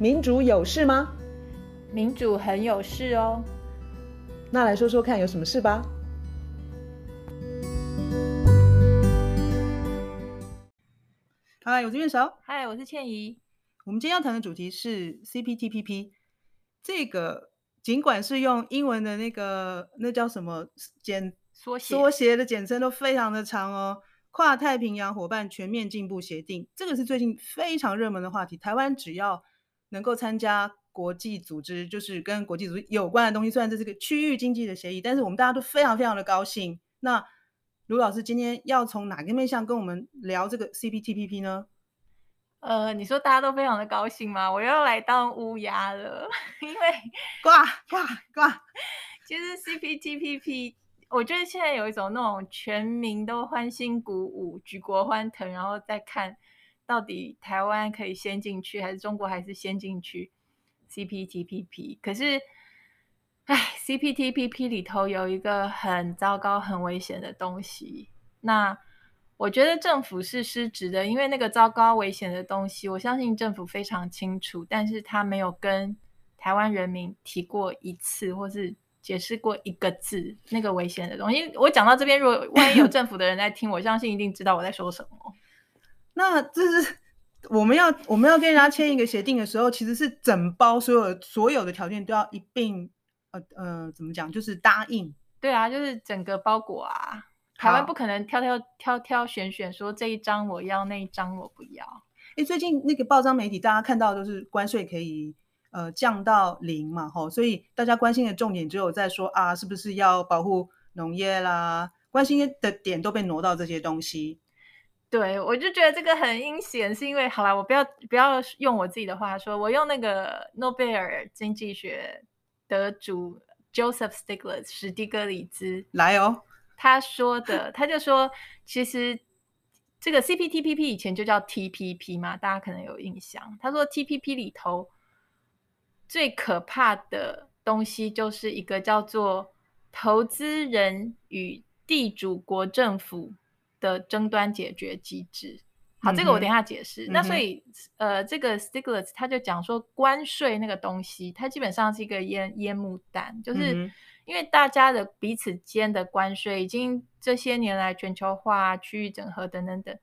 民主有事嗎？民主很有事哦。那來說說看，有什麼事吧？嗨、哦，我是院生。嗨，我是倩怡。我們今天要談的主題是 CPTPP，這個儘管是用英文的那個那叫什麼簡縮寫縮寫的簡稱都非常的長哦。跨太平洋夥伴全面進步協定，這個是最近非常熱門的話題。台灣只要。能夠參加國際組織，就是跟國際組織有關的東西。雖然這是個區域經濟的協議，但是我們大家都非常非常的高興。那盧老師今天要從哪個面向跟我們聊這個 CPTPP 呢？呃，你說大家都非常的高興嗎？我又要來當烏鴉了，因為掛掛掛。其實 CPTPP，我覺得現在有一種那種全民都歡欣鼓舞、舉國歡騰，然後再看。到底台灣可以先進去，還是中國還是先進去？CPTPP 可是，哎，CPTPP 裡頭有一個很糟糕、很危險的東西。那我覺得政府是失職的，因為那個糟糕、危險的東西，我相信政府非常清楚，但是他沒有跟台灣人民提過一次，或是解釋過一個字。那個危險的東西，我講到這邊，如果萬一有政府的人在聽， 我相信一定知道我在說什麼。那就是我們要我們要跟人家簽一個協定的時候，其實是整包所有所有的條件都要一併，呃呃，怎麼講？就是答應。對啊，就是整個包裹啊，台灣不可能挑挑挑挑選選，說這一張我要，那一張我不要。哎、欸，最近那個報章媒體大家看到都是關稅可以呃降到零嘛，吼，所以大家關心的重點只有在說啊，是不是要保護農業啦？關心的點都被挪到這些東西。對，我就覺得這個很陰險，是因為，好啦，我不要不要用我自己的話說，我用那個諾貝爾經濟學得主 Joseph Stiglitz 史蒂格里茲來哦，他說的，他就說， 其實這個 CPTPP 以前就叫 TPP 嘛，大家可能有印象。他說 TPP 裡頭最可怕的東西就是一個叫做投資人與地主國政府。的爭端解決機制，好，這個我等一下解釋。嗯、哼那所以，呃，這個 Stiglitz 他就講說，關稅那個東西，它基本上是一個煙煙幕彈，就是因為大家的彼此間的關稅，已經這些年來全球化、區域整合等等等，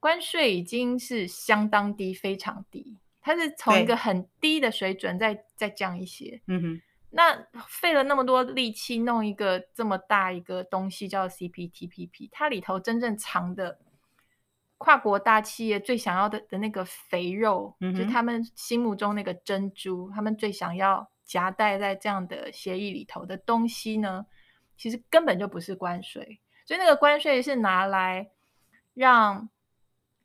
關稅已經是相當低，非常低，它是從一個很低的水準再對再降一些。嗯哼。那費了那麼多力氣弄一個這麼大一個東西叫 CPTPP，它裡頭真正藏的跨國大企業最想要的的那個肥肉，嗯、哼就是他們心目中那個珍珠，他們最想要夾帶在這樣的協議裡頭的東西呢，其實根本就不是關稅，所以那個關稅是拿來讓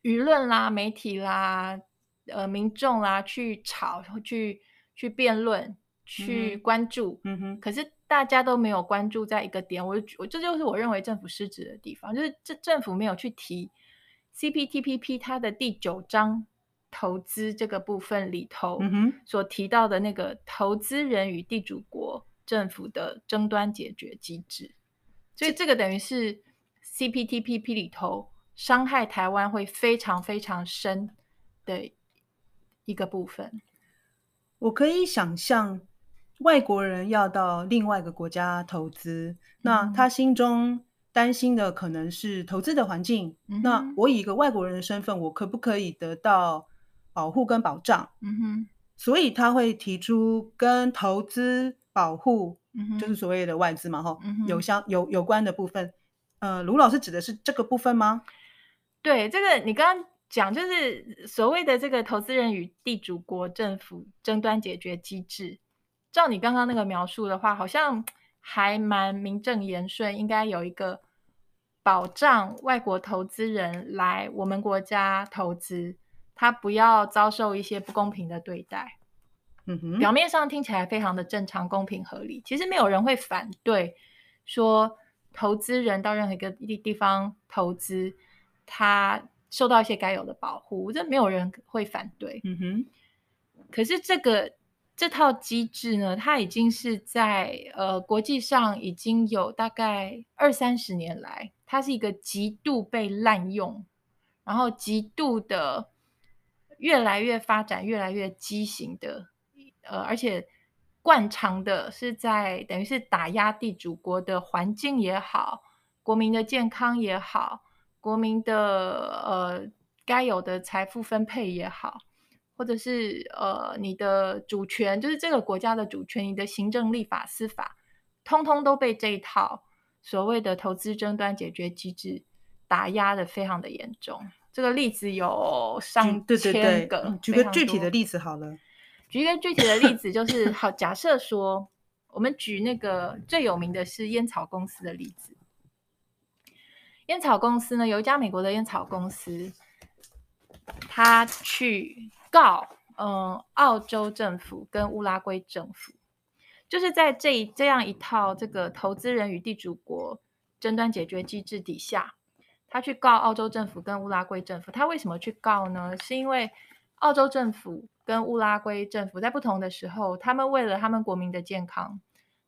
輿論啦、媒體啦、呃、民眾啦去吵，去去辯論。去關注，嗯嗯、可是大家都沒有關注在一個點，我我這就是我認為政府失職的地方，就是這政府沒有去提 CPTPP 它的第九章投資這個部分裡頭所提到的那個投資人與地主國政府的爭端解決機制，所以這個等於是 CPTPP 裡頭傷害台灣會非常非常深的一個部分，我可以想象。外國人要到另外一個國家投資，那他心中擔心的可能是投資的環境。嗯哼。那我以一個外國人的身份，我可不可以得到保護跟保障？嗯哼。所以他會提出跟投資保護，嗯哼。就是所謂的外資嘛，嗯哼。有相有有關的部分。呃，盧老師指的是這個部分嗎？對，這個你剛剛講就是所謂的這個投資人與地主國政府爭端解決機制。照你剛剛那個描述的話，好像還蠻名正言順，應該有一個保障外國投資人來我們國家投資，他不要遭受一些不公平的對待。嗯哼，表面上聽起來非常的正常、公平、合理，其實沒有人會反對，說投資人到任何一個地地方投資，他受到一些該有的保護，這沒有人會反對。嗯哼，可是這個。這套機制呢，它已經是在呃國際上已經有大概二三十年來，它是一個極度被濫用，然後極度的越來越發展、越來越畸形的，呃，而且慣常的是在等於是打壓地主國的環境也好，國民的健康也好，國民的呃該有的財富分配也好。或者是呃，你的主權就是這個國家的主權，你的行政、立法、司法，通通都被這一套所謂的投資爭端解決機制打壓的非常的嚴重。這個例子有上千個，對對對，舉個具體的例子好了。舉一個具體的例子就是， 好，假設說，我們舉那個最有名的是煙草公司的例子。煙草公司呢，有一家美國的煙草公司，他去，告嗯，澳洲政府跟烏拉圭政府，就是在這一這樣一套這個投資人與地主國爭端解決機制底下，他去告澳洲政府跟烏拉圭政府。他為什麼去告呢？是因為澳洲政府跟烏拉圭政府在不同的時候，他們為了他們國民的健康，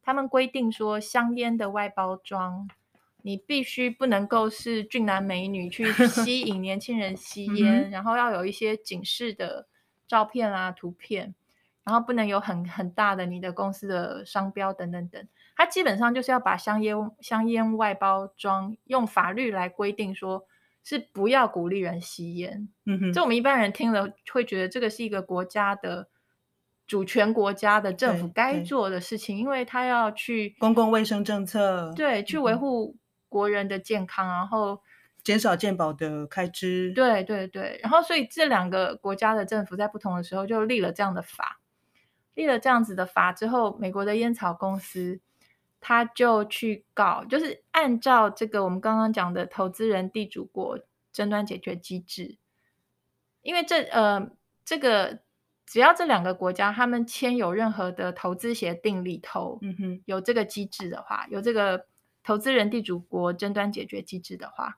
他們規定說，香菸的外包裝你必須不能夠是俊男美女去吸引年輕人吸菸， 然後要有一些警示的。照片啊，圖片，然後不能有很很大的你的公司的商標等等等。它基本上就是要把香菸香菸外包裝用法律來規定，說是不要鼓勵人吸菸。嗯哼，這我們一般人聽了會覺得這個是一個國家的主權國家的政府該做的事情，因為他要去公共衛生政策，對，去維護國人的健康，嗯哼，然後。減少健保的開支，對對對，然後所以這兩個國家的政府在不同的時候就立了這樣的法，立了這樣子的法之後，美國的菸草公司他就去告,就是按照這個我們剛剛講的投資人地主國爭端解決機制,因為這呃這個只要這兩個國家他們簽有任何的投資協定裡頭，嗯哼，有這個機制的話，有這個投資人地主國爭端解決機制的話。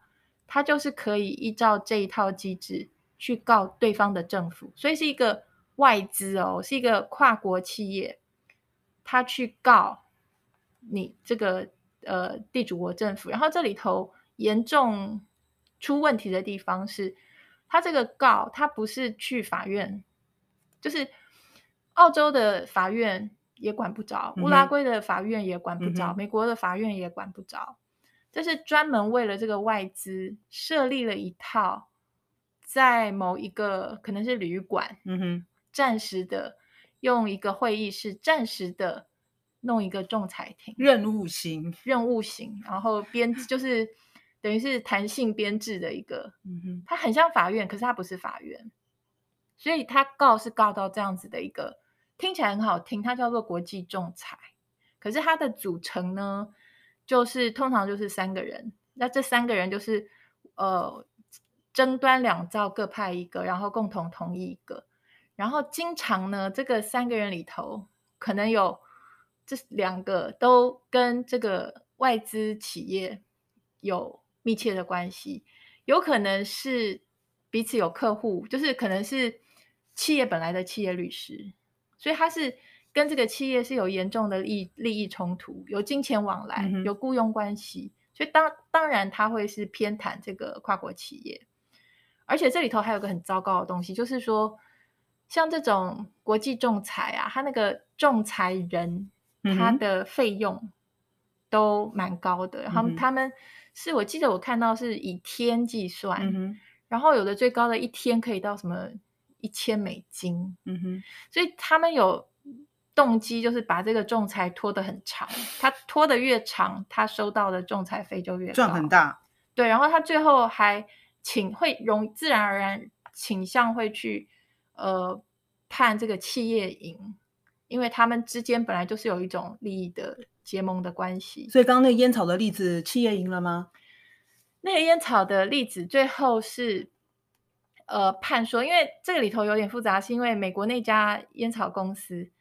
他就是可以依照這一套機制去告對方的政府，所以是一個外資哦，是一個跨國企業，他去告你這個呃地主國政府。然後這裡頭嚴重出問題的地方是，他這個告他不是去法院，就是澳洲的法院也管不着，嗯哼，烏拉圭的法院也管不着，嗯哼，美國的法院也管不着。就是專門為了這個外資設立了一套，在某一個可能是旅館，嗯哼，暫時的用一個會議室，暫時的弄一個仲裁庭，任務型，任務型，然後編就是 等於是彈性編制的一個，嗯哼，它很像法院，可是它不是法院，所以它告是告到這樣子的一個，聽起來很好聽，它叫做國際仲裁，可是它的組成呢？就是通常就是三個人，那這三個人就是呃，爭端兩造各派一個，然後共同同意一個，然後經常呢，這個三個人裡頭可能有這兩個都跟這個外資企業有密切的關係，有可能是彼此有客戶，就是可能是企業本來的企業律師，所以他是。跟這個企業是有嚴重的利利益衝突，有金錢往來，有雇傭關係，嗯、哼所以當當然他會是偏袒這個跨國企業，而且這裡頭還有一個很糟糕的東西，就是說像這種國際仲裁啊，他那個仲裁人、嗯、哼他的費用都蠻高的，然後、嗯、哼他們是我記得我看到是以天計算，嗯、哼然後有的最高的一天可以到什麼一千美金，嗯哼，所以他們有。動機就是把這個仲裁拖得很長，他拖得越長，他收到的仲裁費就越賺很大。對，然後他最後還請會容自然而然傾向會去呃判這個企業贏，因為他們之間本來就是有一種利益的結盟的關係。所以，剛剛那煙草的例子，企業贏了嗎？那個煙草的例子最後是呃判說，因為這個裡頭有點複雜，是因為美國那家煙草公司。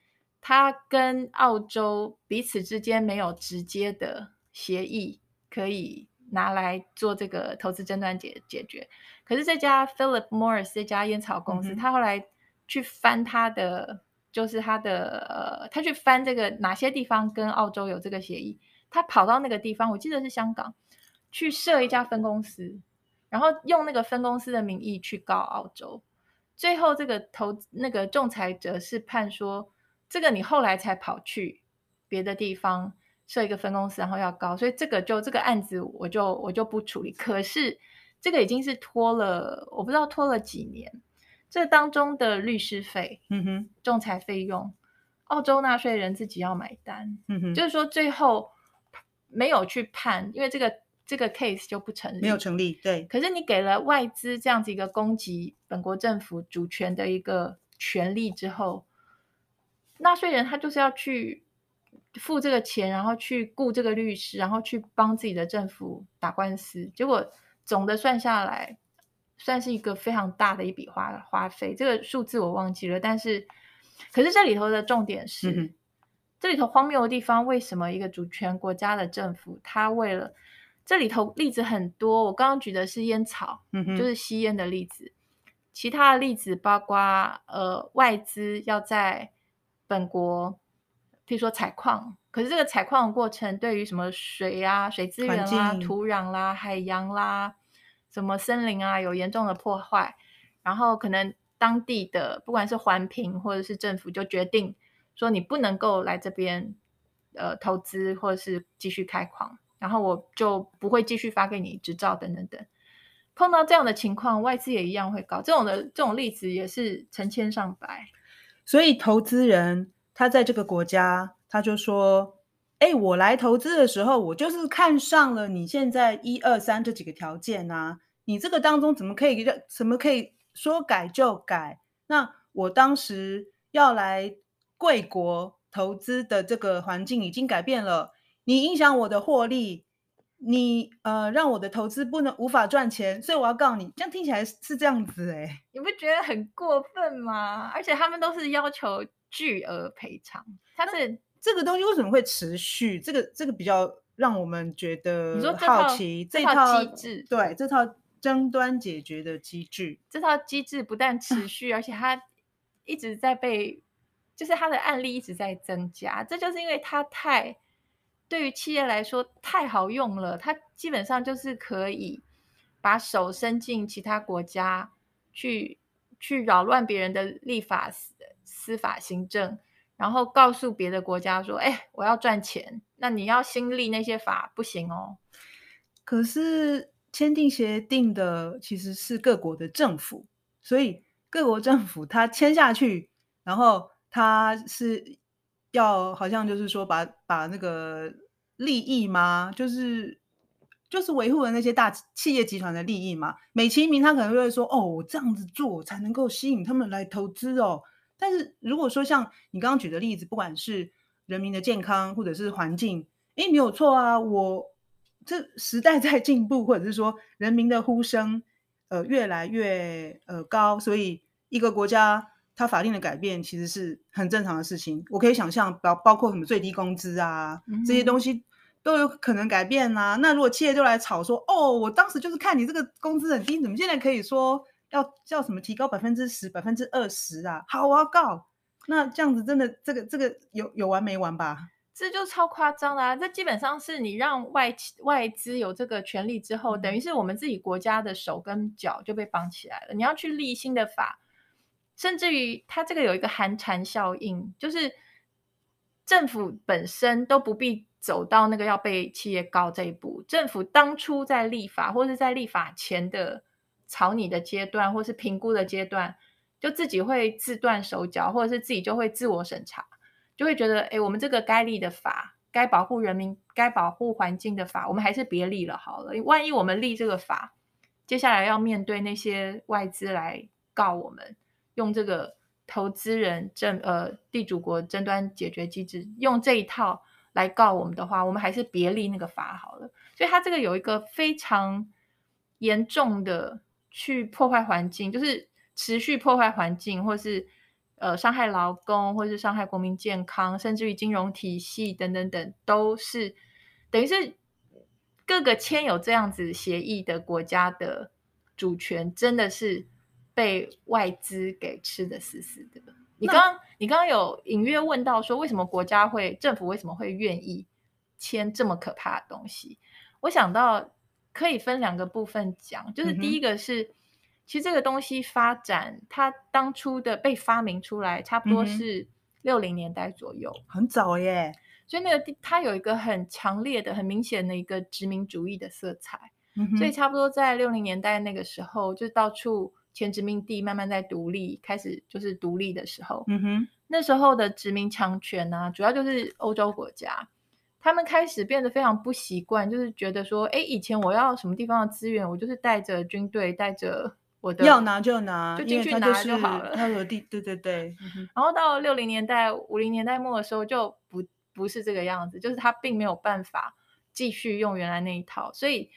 他跟澳洲彼此之間沒有直接的協議可以拿來做這個投資爭端解決解決，可是這家 Philip Morris 這家菸草公司，嗯、哼他後來去翻他的，就是他的、呃、他去翻這個哪些地方跟澳洲有這個協議，他跑到那個地方，我記得是香港，去設一家分公司，然後用那個分公司的名義去告澳洲，最後這個投那個仲裁者是判說。這個你後來才跑去別的地方設一個分公司，然後要高，所以這個就這個案子我就我就不處理。可是這個已經是拖了，我不知道拖了幾年。這當中的律師費、仲裁費用，澳洲納稅人自己要買單。就是說最後沒有去判，因為這個這個 case 就不成立，沒有成立。對，可是你給了外資這樣子一個攻擊本國政府主權的一個權利之後。納稅人他就是要去付這個錢，然後去僱這個律師，然後去幫自己的政府打官司。結果總的算下來，算是一個非常大的一筆花花費。這個數字我忘記了，但是可是這裡頭的重點是，這裡頭荒謬的地方。為什麼一個主權國家的政府，他為了這裡頭例子很多，我剛剛舉的是菸草，就是吸菸的例子。其他的例子包括呃外資要在本國，譬如說採礦，可是這個採礦的過程對於什麼水啊、水資源啊、環境、土壤啦、海洋啦、什麼森林啊，有嚴重的破壞，然後可能當地的不管是環評或者是政府就決定說，你不能夠來這邊呃投資或者是繼續開礦，然後我就不會繼續發給你執照等等等。碰到這樣的情況，外資也一樣會搞這種的，這種例子也是成千上百。所以投資人他在這個國家，他就說：“哎、欸，我來投資的時候，我就是看上了你現在一二三這幾個條件啊。你這個當中怎麼可以讓？怎麼可以說改就改？那我當時要來貴國投資的這個環境已經改變了，你影響我的獲利。”你呃，讓我的投資不能無法賺錢，所以我要告你。這樣聽起來是這樣子哎、欸，你不覺得很過分嗎？而且他們都是要求巨額賠償。他們這個東西為什麼會持續？這個這個比較讓我們覺得好奇。這套機制，對，這套爭端解決的機制，這套機制不但持續，而且它一直在被，嗯、就是它的案例一直在增加。這就是因為它太。對於企業來說太好用了，它基本上就是可以把手伸進其他國家去去擾亂別人的立法、司法、行政，然後告訴別的國家說：“哎，我要賺錢，那你要新立那些法不行哦。”可是簽訂協定的其實是各國的政府，所以各國政府它簽下去，然後它是。要好像就是說把把那個利益嘛，就是就是維護了那些大企業集團的利益嘛。美其名，他可能就會說哦，這樣子做才能夠吸引他們來投資哦。但是如果說像你剛剛舉的例子，不管是人民的健康或者是環境，哎、欸，沒有錯啊，我這時代在進步，或者是說人民的呼聲呃越來越呃高，所以一個國家。它法令的改變其實是很正常的事情，我可以想象包包括什麼最低工資啊、嗯、哼這些東西都有可能改變啊。那如果企業都來吵說，哦，我當時就是看你這個工資很低，怎麼現在可以說要叫什麼提高百分之十、百分之二十啊？好，我要告。那這樣子真的這個這個有有完沒完吧？這就超誇張啦。這基本上是你讓外外資有這個權利之後，嗯、等於是我們自己國家的手跟腳就被綁起來了。你要去立新的法。甚至於，它這個有一個寒蟬效應，就是政府本身都不必走到那個要被企業告這一步。政府當初在立法，或是在立法前的草擬的階段，或是評估的階段，就自己會自斷手腳，或者是自己就會自我審查，就會覺得：哎，我們這個該立的法，該保護人民、該保護環境的法，我們還是別立了好了。萬一我們立這個法，接下來要面對那些外資來告我們。用這個投資人爭呃地主國爭端解決機制，用這一套來告我們的話，我們還是別立那個法好了。所以它這個有一個非常嚴重的去破壞環境，就是持續破壞環境，或是呃傷害勞工，或是傷害國民健康，甚至於金融體系等等等，都是等於是各個簽有這樣子協議的國家的主權，真的是。被外資給吃的死死的。那你剛你剛剛有隱約問到說，為什麼國家會政府為什麼會願意簽這麼可怕的東西？我想到可以分兩個部分講，就是第一個是，嗯、哼其實這個東西發展它當初的被發明出來，差不多是六零年代左右，很早耶。所以那個它有一個很強烈的、很明顯的一個殖民主義的色彩。嗯、哼所以差不多在六零年代那個時候，就到處。前殖民地慢慢在獨立，開始就是獨立的時候，嗯、哼那時候的殖民強權呢、啊，主要就是歐洲國家，他們開始變得非常不習慣，就是覺得說，哎、欸，以前我要什麼地方的資源，我就是帶着軍隊，帶着我的要拿就拿，就進進去、就是、拿就好了。他有地，對對對。嗯、哼然後到六零年代、五零年代末的時候，就不不是這個樣子，就是他並沒有辦法繼續用原來那一套，所以。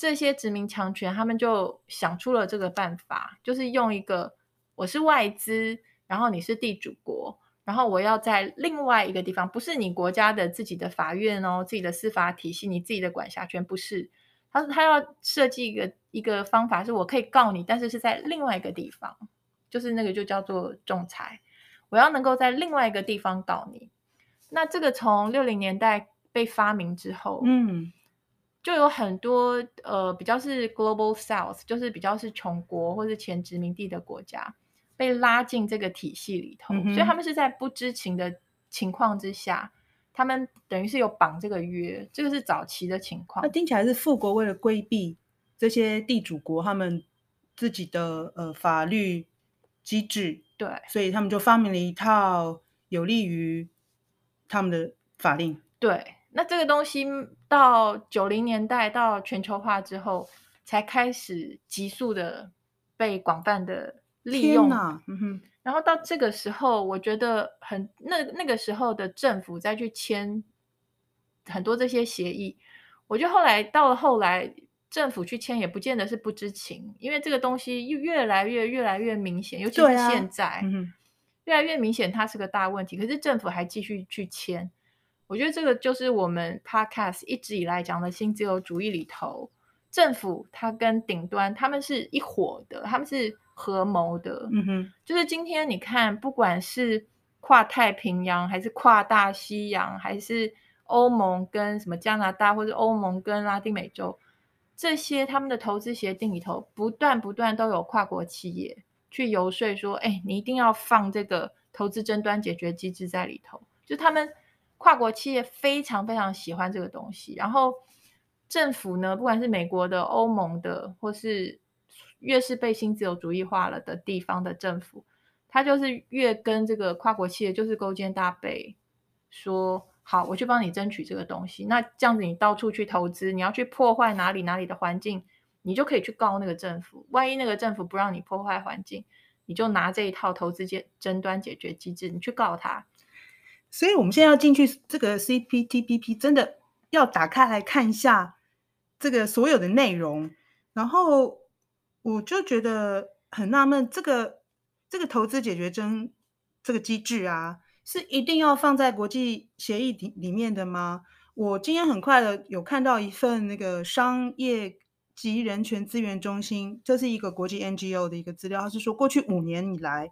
這些殖民強權，他們就想出了這個辦法，就是用一個我是外資，然後你是地主國，然後我要在另外一個地方，不是你國家的自己的法院哦，自己的司法體系，你自己的管轄權不是。他他要設計一個一個方法，是我可以告你，但是是在另外一個地方，就是那個就叫做仲裁。我要能夠在另外一個地方告你。那這個從六零年代被發明之後，嗯。就有很多呃比較是 Global South，就是比較是窮國或者前殖民地的國家被拉進這個體系裡頭，嗯哼。所以他們是在不知情的情況之下，他們等於是有綁這個約，這個是早期的情況。那聽起來是富國為了規避這些地主國他們自己的呃法律機制，對，所以他們就發明了一套有利於他們的法令，對。那這個東西到九零年代到全球化之後，才開始急速的被廣泛的利用。哪嗯哼，然後到這個時候，我覺得很那那個時候的政府再去簽很多這些協議，我覺得後來到了後來，政府去簽也不見得是不知情，因為這個東西越來越來越越來越明顯，尤其是現在，啊嗯、越來越明顯它是個大問題。可是政府還繼續去簽。我覺得這個就是我們 podcast 一直以來講的新自由主義裡頭，政府它跟頂端他們是一夥的，他們是合謀的。嗯哼，就是今天你看，不管是跨太平洋，還是跨大西洋，還是歐盟跟什麼加拿大，或者歐盟跟拉丁美洲這些，他們的投資協定裡頭，不斷不斷都有跨國企業去遊說說，哎、欸，你一定要放這個投資爭端解決機制在裡頭，就他們。跨國企業非常非常喜歡這個東西，然後政府呢，不管是美國的、歐盟的，或是越是被新自由主義化了的地方的政府，他就是越跟這個跨國企業就是勾肩搭背說，說好，我去幫你爭取這個東西。那這樣子，你到處去投資，你要去破壞哪裡哪裡的環境，你就可以去告那個政府。萬一那個政府不讓你破壞環境，你就拿這一套投資解爭端解決機制，你去告他。所以，我們現在要進去這個 CPTPP，真的要打開來看一下這個所有的內容。然後，我就覺得很納悶，這個這個投資解決爭這個機制啊，是一定要放在國際協議裡裡面的嗎？我今天很快的有看到一份那個商業及人權資源中心，這是一個國際 NGO 的一個資料，它是說過去五年以來，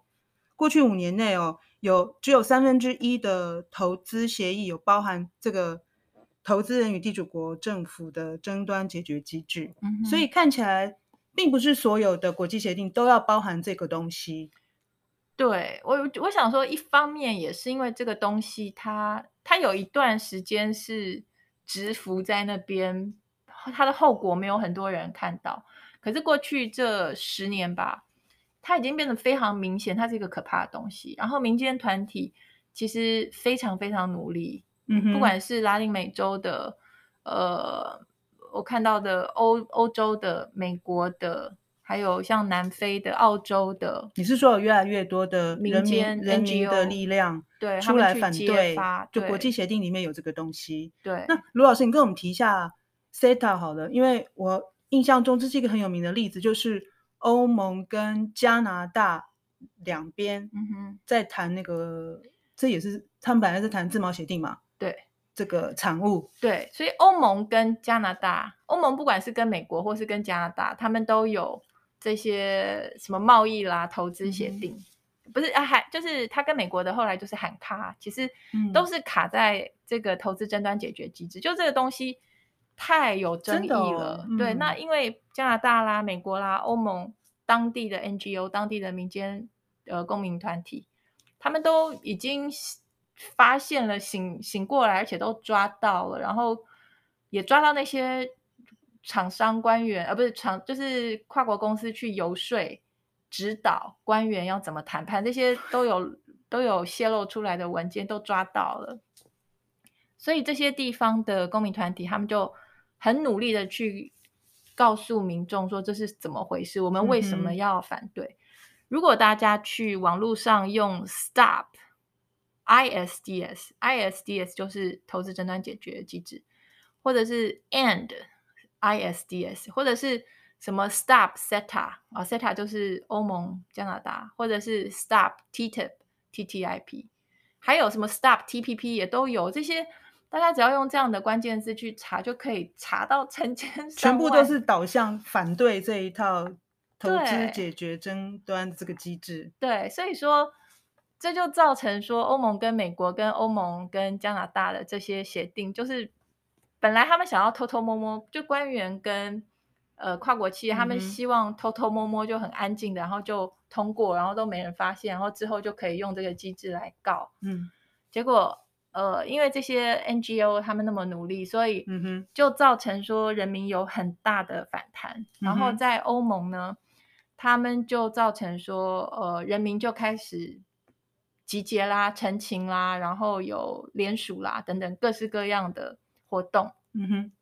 過去五年內哦。有只有三分之一的投資協議有包含這個投資人與地主國政府的爭端解決機制，嗯哼。所以看起來並不是所有的國際協定都要包含這個東西。對，我，我想說，一方面也是因為這個東西它，它它有一段時間是蟄伏在那邊，它的後果沒有很多人看到，可是過去這十年吧。它已經變得非常明顯，它是一個可怕的東西。然後民間團體其實非常非常努力，嗯、哼不管是拉丁美洲的，呃，我看到的歐歐洲的、美國的，還有像南非的、澳洲的，你是說有越來越多的人民,民間 NGO, 人民的力量對出來反對？對對就國際協定裡面有這個東西，對。那盧老師，你跟我們提一下 SETA 好了，因為我印象中這是一個很有名的例子，就是。歐盟跟加拿大兩邊在談那個，嗯、哼這也是他們本來在談自貿協定嘛。對，這個產物。對，所以歐盟跟加拿大，歐盟不管是跟美國或是跟加拿大，他們都有這些什麼貿易啦、投資協定，嗯、哼不是啊？還就是他跟美國的後來就是喊卡，其實都是卡在這個投資爭端解決機制，嗯、就這個東西。太有爭議了，哦、嗯、對，那因為加拿大啦、美國啦、歐盟當地的 NGO、當地的民間呃公民團體，他們都已經發現了醒、醒醒過來，而且都抓到了，然後也抓到那些廠商官員，而、啊、不是廠，就是跨國公司去游說、指導官員要怎麼談判，這些都有都有泄露出來的文件都抓到了，所以這些地方的公民團體他們就。很努力的去告訴民眾說，這是怎麼回事，我們為什麼要反對？嗯嗯，如果大家去網絡上用 “stop ISDS”，ISDS IS 就是投資爭端解決的機制，或者是 “end ISDS”，或者是什麼 “stop CETA” 啊，CETA 就是歐盟、加拿大，或者是 “stop TTIP”，TTIP，還有什麼 “stop TPP” 也都有這些。大家只要用這樣的關鍵字去查，就可以查到成千上萬，全部都是導向反對這一套投資解決爭端的這個機制。對，所以說這就造成說歐盟跟美國、跟歐盟跟加拿大的這些協定，就是本來他們想要偷偷摸摸，就官員跟呃跨國企業，他們希望偷偷摸摸就很安靜的，然後就通過，然後都沒人發現，然後之後就可以用這個機制來告。嗯，結果。呃，因為這些 NGO 他們那麼努力，所以就造成說人民有很大的反彈。嗯、哼然後在歐盟呢，他們就造成說，呃，人民就開始集結啦、陳情啦，然後有聯署啦等等各式各樣的活動。嗯哼，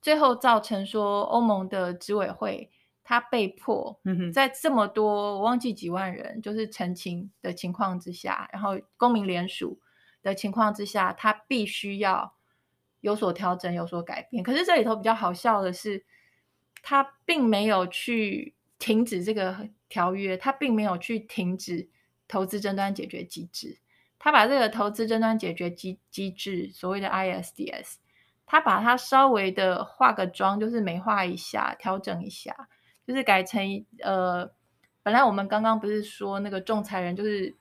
最後造成說歐盟的執委會他被迫在這麼多、嗯、哼我忘記幾萬人就是陳情的情況之下，然後公民聯署。嗯的情況之下，他必須要有所調整、有所改變。可是這裡頭比較好笑的是，他並沒有去停止這個條約，他並沒有去停止投資爭端解決機制，他把這個投資爭端解決機機制所謂的 ISDS，他把它稍微的化個妝，就是美化一下、調整一下，就是改成，呃，本來我們剛剛不是說那個仲裁人就是。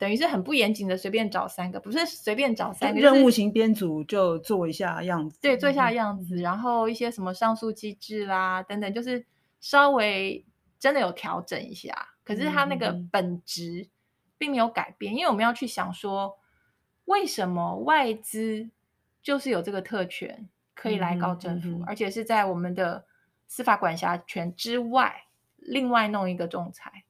等於是很不嚴謹的，隨便找三個，不是隨便找三個。任務型編組就做一下樣子。對，嗯、做一下樣子，嗯、然後一些什麼上訴機制啦等等，就是稍微真的有調整一下。可是它那個本質並沒有改變，嗯、因為我們要去想說，為什麼外資就是有這個特權可以來告政府，嗯嗯、而且是在我們的司法管轄權之外，另外弄一個仲裁。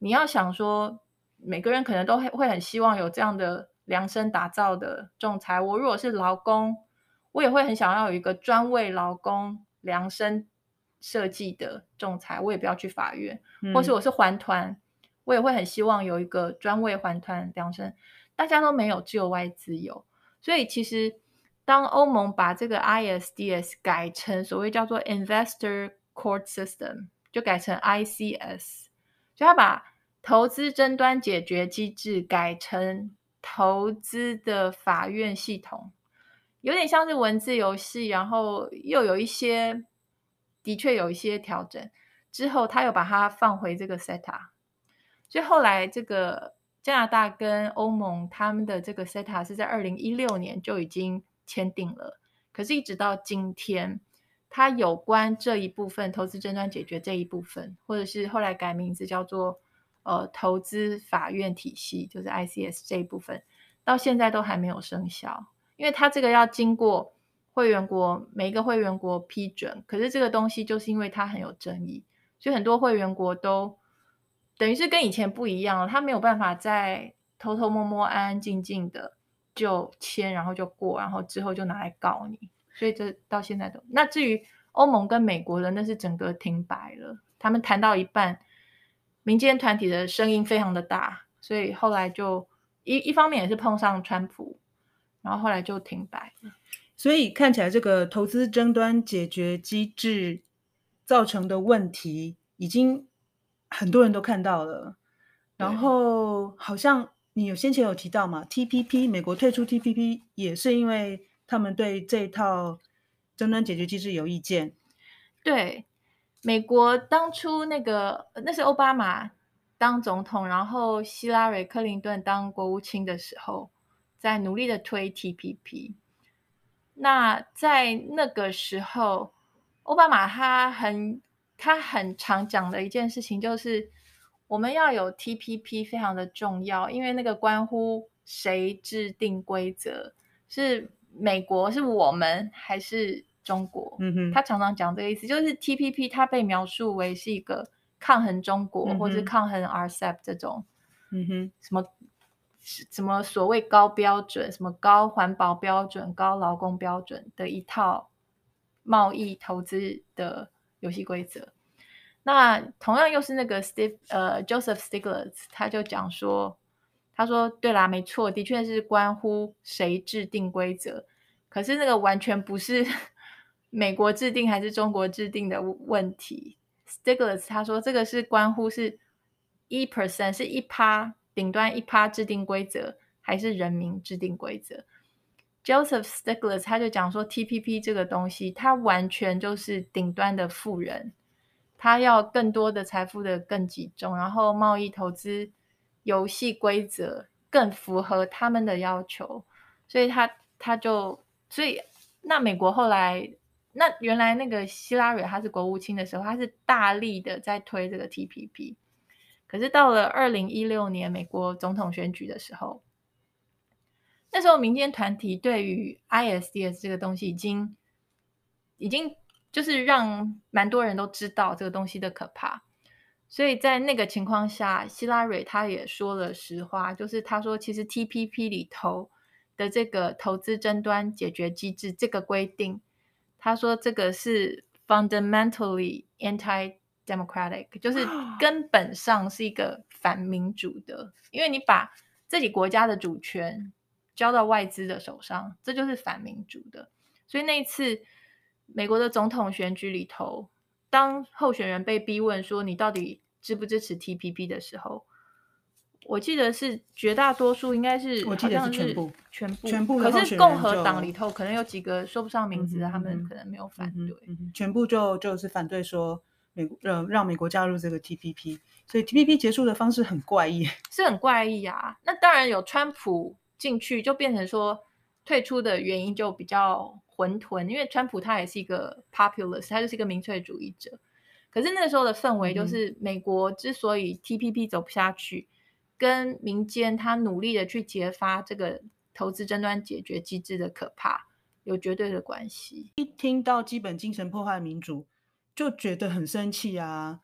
你要想說。每個人可能都會會很希望有這樣的量身打造的仲裁。我如果是勞工，我也會很想要有一個專為勞工量身設計的仲裁，我也不要去法院。或是我是環團，我也會很希望有一個專為環團量身。大家都沒有自由外自由，所以其實當歐盟把這個 ISDS 改成所謂叫做 Investor Court System，就改成 ICS，就他把。投資爭端解決機制改成投資的法院系統，有點像是文字遊戲，然後又有一些的確有一些調整之後，他又把它放回這個 SETA，所以後來這個加拿大跟歐盟他們的這個 SETA 是在二零一六年就已經簽訂了，可是一直到今天，它有關這一部分投資爭端解決這一部分，或者是後來改名字叫做。呃，投資法院體系就是 ICS 這一部分，到現在都還沒有生效，因為它這個要經過會員國每一個會員國批准，可是這個東西就是因為它很有爭議，所以很多會員國都等於是跟以前不一樣了，他沒有辦法再偷偷摸摸、安安靜靜的就簽，然後就過，然後之後就拿來告你，所以這到現在都，那至於歐盟跟美國的，那是整個停擺了，他們談到一半。民間團體的聲音非常的大，所以後來就一一方面也是碰上川普，然後後來就停擺。所以看起來這個投資爭端解決機制造成的問題，已經很多人都看到了。然後好像你有先前有提到嘛，TPP，美國退出 TPP 也是因為他們對這套爭端解決機制有意見。對。美國當初那個，那是奧巴馬當總統，然後希拉蕊·克林頓當國務卿的時候，在努力的推 TPP。那在那個時候，奧巴馬他很他很常講的一件事情就是，我們要有 TPP 非常的重要，因為那個關乎誰制定規則，是美國，是我們，還是？中國，他常常講這個意思，就是 TPP 它被描述為是一個抗衡中國、嗯哼或者抗衡 RCEP 這種，嗯哼，什麼什麼所謂高標準、什麼高環保標準、高勞工標準的一套貿易投資的遊戲規則。那同樣又是那個 Steve 呃 Joseph Stiglitz 他就講說，他說對啦、啊，沒錯，的確是關乎誰制定規則，可是那個完全不是。美國制定還是中國制定的問題？Stiglitz 他說，這個是關乎是一 percent，是一趴頂端一趴制定規則，還是人民制定規則？Joseph Stiglitz 他就講說，TPP 這個東西，它完全就是頂端的富人，他要更多的財富的更集中，然後貿易投資遊戲規則更符合他們的要求，所以他他就所以那美國後來。那原來那個希拉蕊，他是國務卿的時候，他是大力的在推這個 T P P，可是到了二零一六年美國總統選舉的時候，那時候民間團體對於 I S D S 這個東西已經已經就是讓蠻多人都知道這個東西的可怕，所以在那個情況下，希拉蕊他也說了實話，就是他說其實 T P P 裡頭的這個投資爭端解決機制這個規定。他說：“這個是 fundamentally anti-democratic，就是根本上是一個反民主的，因為你把自己國家的主權交到外資的手上，這就是反民主的。所以那一次美國的總統選舉裡頭，當候選人被逼問說你到底支不支持 TPP 的時候。”我記得是絕大多數應該是，我記得是全部全部全部。可是共和黨裡頭可能有幾個說不上名字的，他們可能沒有反對，嗯嗯嗯嗯嗯嗯、全部就就是反對說美呃讓，讓美國加入這個 T P P，所以 T P P 結束的方式很怪異，是很怪異啊。那當然有川普進去就變成說退出的原因就比較混沌，因為川普他也是一個 populace，他就是一個民粹主義者。可是那時候的氛圍就是美國之所以 T P P 走不下去。嗯跟民間他努力的去揭發這個投資爭端解決機制的可怕，有絕對的關係。一聽到基本精神破壞民主，就覺得很生氣啊！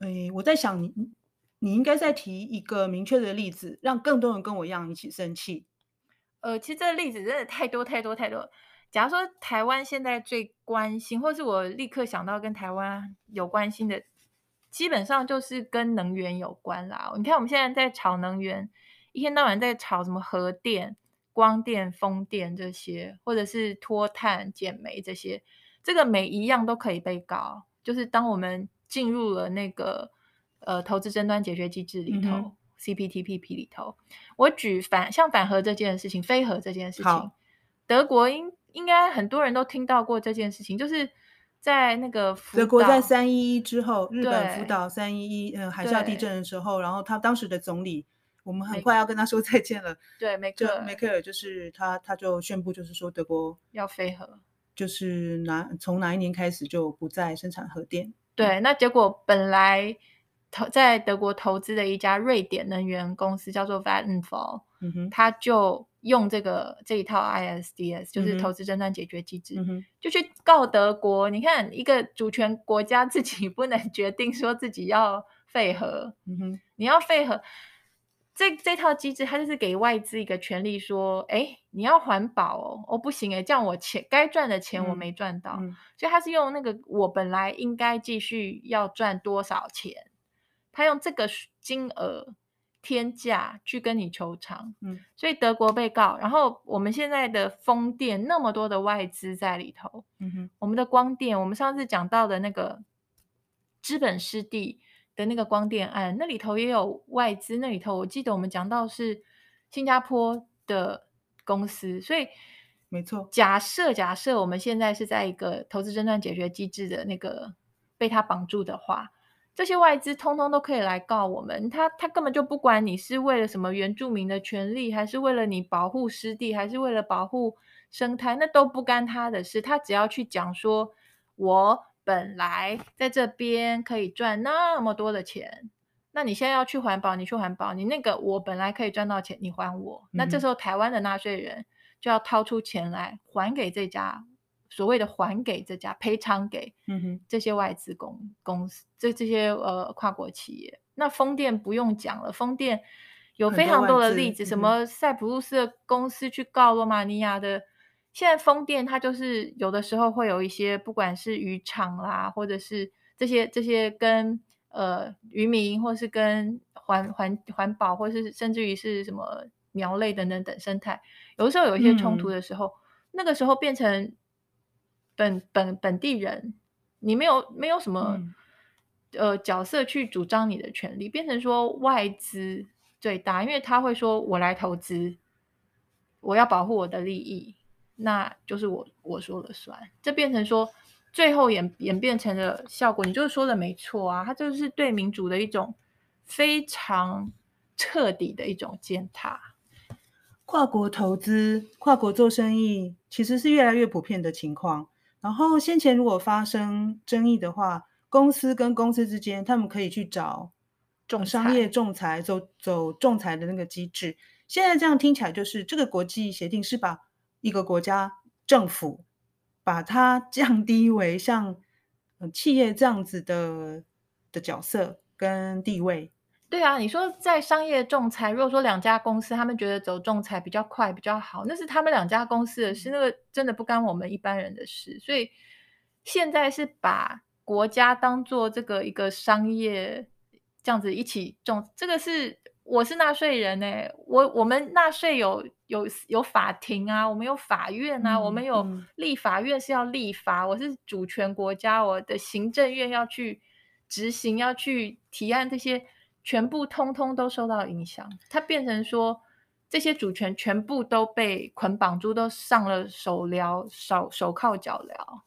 誒，我在想你，你你應該再提一個明確的例子，讓更多人跟我一樣一起生氣。呃，其實這個例子真的太多太多太多。假如說台灣現在最關心，或是我立刻想到跟台灣有關心的。基本上就是跟能源有關啦。你看我們現在在炒能源，一天到晚在炒什麼核電、光電、風電這些，或者是脫碳、減煤這些。這個每一樣都可以被告，就是當我們進入了那個呃投資爭端解決機制裡頭，嗯、哼 （CPTPP） 裡頭，我舉反像反核這件事情，非核這件事情，好德國應應該很多人都聽到過這件事情，就是。在那個福德國在三一一之後，日本福島三一一、嗯，海嘯地震的時候，對然後他當時的總理，我們很快要跟他說再見了。對，梅克爾就是他他就宣布，就是說德國要廢核，就是哪從哪一年開始就不再生產核電。對，那結果本來投在德國投資的一家瑞典能源公司叫做 Vattenfall，嗯哼，他就。用這個這一套 ISDS，就是投資爭端解決機制，嗯、哼就去告德國。你看，一個主權國家自己不能決定說自己要廢核，嗯、哼你要廢核，這這套機制它就是給外資一個權利，說，哎、欸，你要環保哦，哦不行哎、欸，這樣我錢該賺的錢我沒賺到，嗯、哼所以他是用那個我本來應該繼續要賺多少錢，他用這個金額。天價去跟你求償，嗯，所以德國被告，然後我們現在的風電那麼多的外資在裡頭，嗯哼，我們的光電，我們上次講到的那個資本失地的那個光電案，那裡頭也有外資，那裡頭我記得我們講到是新加坡的公司，所以沒錯。假設假設我們現在是在一個投資爭端解決機制的那個被他綁住的話。這些外資通通都可以來告我們，他他根本就不管你是為了什麼原住民的權利，還是為了你保護濕地，還是為了保護生態，那都不干他的事。他只要去講說，我本來在這邊可以賺那麼多的錢，那你現在要去環保，你去環保，你那個我本來可以賺到錢，你還我，那這時候台灣的納稅人就要掏出錢來還給這家。所謂的還給這家賠償給，嗯哼，這些外資公公司，這這些呃跨國企業，那風電不用講了，風電有非常多的例子，嗯、什麼塞浦路斯的公司去告羅馬尼亞的，現在風電它就是有的時候會有一些，不管是漁場啦，或者是這些這些跟呃漁民，或是跟環環環保，或是甚至於是什麼鳥類等等等生態，有的時候有一些衝突的時候，嗯、那個時候變成。本本本地人，你沒有沒有什麼、嗯、呃角色去主張你的權利，變成說外資最大，因為他會說“我來投資，我要保護我的利益，那就是我我說了算。”這變成說最後演演變成了效果，你就是說的沒錯啊，他就是對民主的一種非常徹底的一種踐踏。跨國投資、跨國做生意，其實是越來越普遍的情況。然後，先前如果發生爭議的話，公司跟公司之間，他們可以去找，仲商業仲裁，裁走走仲裁的那個機制。現在這樣聽起來，就是這個國際協定是把一個國家政府，把它降低為像、呃、企業這樣子的的角色跟地位。對啊，你說在商業仲裁，如果說兩家公司他們覺得走仲裁比較快，比較好，那是他們兩家公司的事，嗯、那個真的不干我們一般人的事。所以現在是把國家當做這個一個商業這樣子一起仲這個是我是納稅人呢、欸？我我們納稅有有有法庭啊，我們有法院啊，嗯、我們有立法院是要立法，嗯、我是主權國家，我的行政院要去執行，要去提案這些。全部通通都受到影響，它變成說，這些主權全部都被捆綁住，都上了手鐐、手手銬、腳鐐。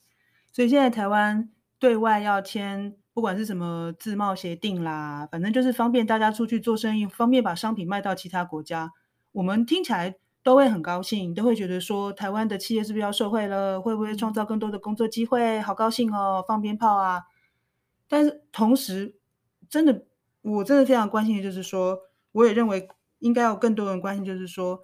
所以現在台灣對外要簽，不管是什麼自貿協定啦，反正就是方便大家出去做生意，方便把商品賣到其他國家。我們聽起來都會很高興，都會覺得說台灣的企業是不是要受惠了？會不會創造更多的工作機會？好高興哦，放鞭炮啊！但是同時，真的。我真的非常關心的就是說，我也認為應該有更多人關心，就是說，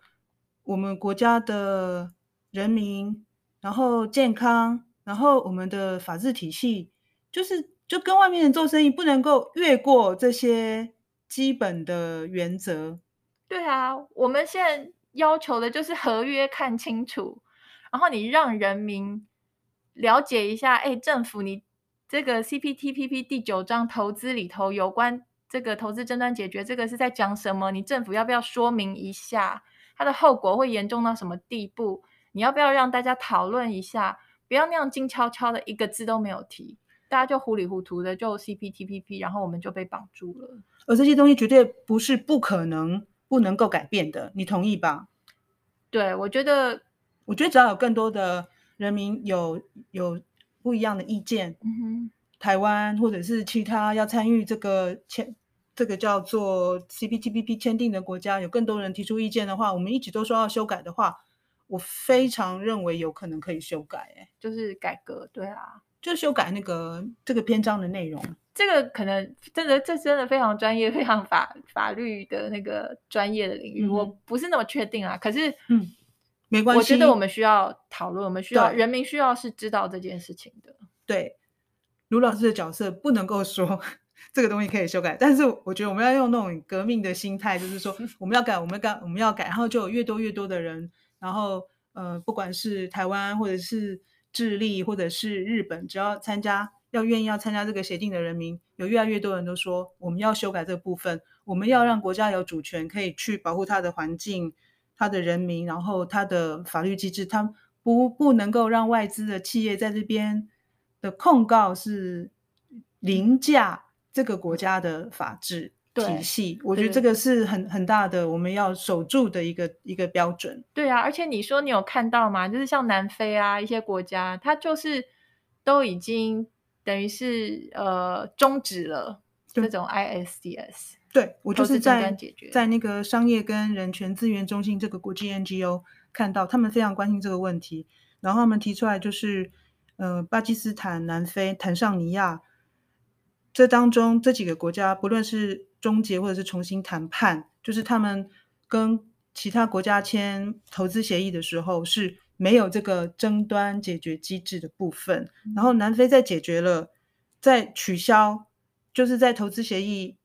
我們國家的人民，然後健康，然後我們的法治體系，就是就跟外面人做生意，不能夠越過這些基本的原則。對啊，我們現在要求的就是合約看清楚，然後你讓人民了解一下，哎，政府你這個 CPTPP 第九章投資裡頭有關。這個投資爭端解決，這個是在講什麼？你政府要不要說明一下它的後果會嚴重到什麼地步？你要不要讓大家討論一下？不要那樣靜悄悄的，一個字都沒有提，大家就糊裡糊塗的就 CPTPP，然後我們就被綁住了。而這些東西絕對不是不可能、不能夠改變的，你同意吧？對，我覺得，我覺得只要有更多的人民有有不一樣的意見，嗯哼，台灣或者是其他要參與這個這個叫做 CPTPP 簽訂的國家有更多人提出意見的話，我們一直都說要修改的話，我非常認為有可能可以修改，哎，就是改革，對啊，就修改那個這個篇章的內容。這個可能，真的，這真的非常專業，非常法法律的那個專業的領域，嗯、我不是那麼確定啊。可是，嗯，沒關係，我覺得我們需要討論，我們需要對人民需要是知道這件事情的。對，盧老師的角色不能夠說。這個東西可以修改，但是我覺得我們要用那種革命的心態，就是說我們要改，我們要改，我們要改，然後就有越多越多的人，然後呃，不管是台灣或者是智利或者是日本，只要參加要願意要參加這個協定的人民，有越來越多人都說我們要修改這個部分，我們要讓國家有主權，可以去保護它的環境、它的人民，然後它的法律機制，它不不能夠讓外資的企業在這邊的控告是凌駕。這個國家的法治體系，對對，我覺得這個是很很大的我們要守住的一個一個標準。對啊，而且你說你有看到嗎？就是像南非啊一些國家，它就是都已經等於是呃終止了這種 ISDS 對。投資爭端解決。對，我就是在在那個商業跟人權資源中心這個國際 NGO 看到，他們非常關心這個問題，然後他們提出來就是呃巴基斯坦、南非、坦桑尼亞。這當中這幾個國家，不論是終結或者是重新談判，就是他們跟其他國家簽投資協議的時候，是沒有這個爭端解決機制的部分。然後南非在解決了，在取消，就是在投資協議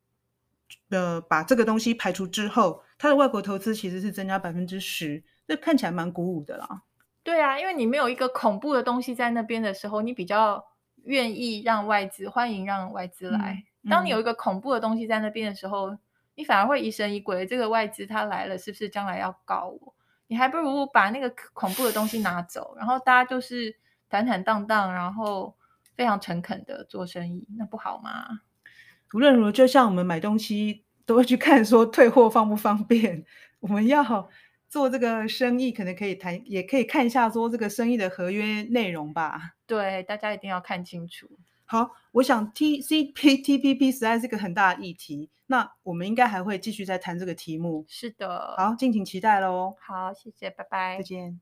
的、呃、把這個東西排除之後，他的外國投資其實是增加百分之十，這看起來蠻鼓舞的啦。對啊，因為你沒有一個恐怖的東西在那邊的時候，你比較。願意讓外資，歡迎讓外資來。嗯嗯、當你有一個恐怖的東西在那邊的時候，你反而會疑神疑鬼。這個外資它來了，是不是將來要告我？你還不如把那個恐怖的東西拿走，然後大家就是坦坦蕩蕩，然後非常誠懇的做生意，那不好嗎？無論如何，就像我們買東西都會去看，說退貨方不方便，我們要。做這個生意可能可以談，也可以看一下說這個生意的合約內容吧。對，大家一定要看清楚。好，我想 T CPTPP 實在是一個很大的議題，那我們應該還會繼續再談這個題目。是的，好，敬請期待嘍。好，謝謝，拜拜，再見。